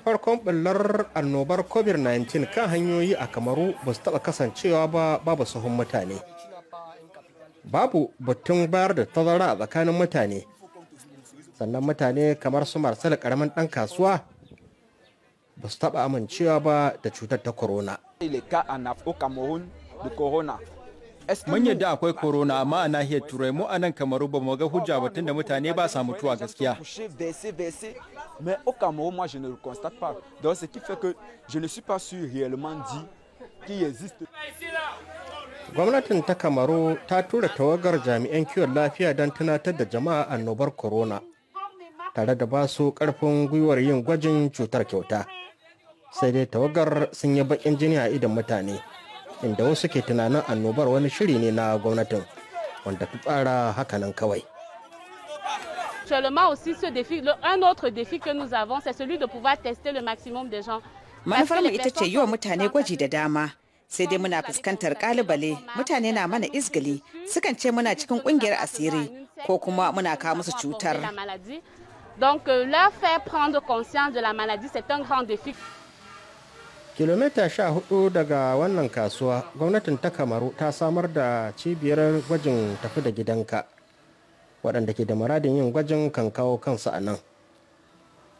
farkon ɓullar annobar covid-19 kan hanyoyi a kamaru ba su taɓa kasancewa ba babu sahun mutane babu batun bayar da tazara a tsakanin mutane sannan mutane kamar su marcel karamin ɗan kasuwa ba su taɓa amincewa ba da cutar ta corona mun yadda akwai corona amma a nahiyar turai mu a nan kamaru ba mu ga hujja batun da mutane ba sa mutuwa gaskiya Mais au Cameroun, moi, je ne le constate pas. Donc, ce qui fait que je ne suis pas sûr réellement dit qu'il existe. Gwamnatin ta Kamaru ta tura tawagar jami'an kiwon lafiya don tunatar da jama'a annobar corona tare da ba su karfin gwiwar yin gwajin cutar kyauta. Sai dai tawagar sun yi bakin jini a idan mutane, inda wasu ke tunanin annobar wani shiri ne na gwamnatin wanda ta tsara hakanan kawai. actuellement aussi ce défi, le, un autre défi que nous avons, c'est celui de pouvoir tester le maximum de gens. Manufarmu ita ce yi wa mutane gwaji da dama. Sai dai muna fuskantar kalubale, mutane na mana izgili, sukan ce muna cikin kungiyar asiri ko kuma muna kawo musu cutar. Donc, euh, leur faire prendre conscience de la maladie, c'est un grand défi. kilomita sha hudu daga wannan kasuwa gwamnatin ta kamaru ta samar da cibiyar gwajin tafi da gidanka waɗanda ke da muradin yin gwajin kan kawo kansu a nan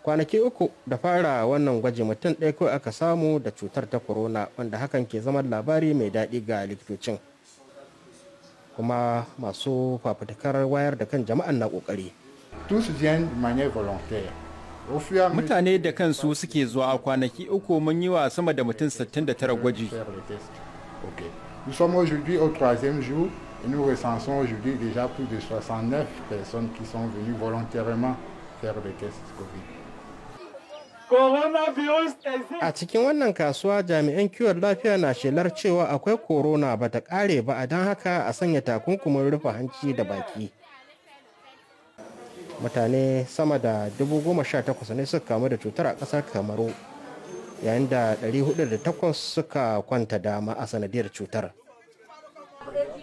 kwanaki uku da fara wannan gwaji mutum ɗaya kawai aka samu da cutar ta corona wanda hakan ke zama labari mai daɗi ga likitocin kuma masu fafutukar wayar da kan jama'an na ƙoƙari mutane da kansu suke zuwa a kwanaki uku mun yi wa sama da mutum 69 gwaji Et nous recensons aujourd'hui déjà plus de 69 personnes qui sont venues volontairement faire des tests Covid. A cikin wannan kasuwa jami'an kiwon lafiya na shelar cewa akwai korona ba ta kare ba a don haka a sanya takunkumin rufe hanci da baki. Mutane sama da 18,000 ne suka kamu da cutar a kasar Kamaru yayin da 408 suka kwanta dama a sanadiyar cutar.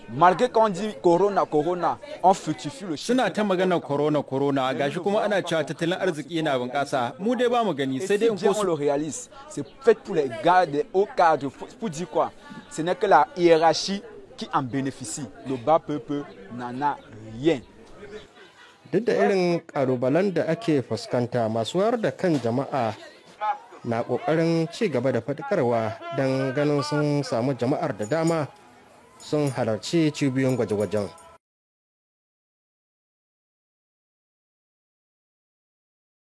malgré qu'on dit corona corona on fructifie le suna ta magana corona corona gashi kuma ana cewa tattalin arziki yana bunƙasa mu dai ba mu gani sai dai in ko le réalise c'est fait pour les gars de haut cadres pour dire quoi ce n'est que la hiérarchie qui en bénéficie le bas peuple n'en a rien duk da irin ƙalubalen da ake fuskanta masu wayar da kan jama'a na ƙoƙarin ci gaba da faɗakarwa don ganin sun samu jama'ar da dama 송하랑시주비용과정과정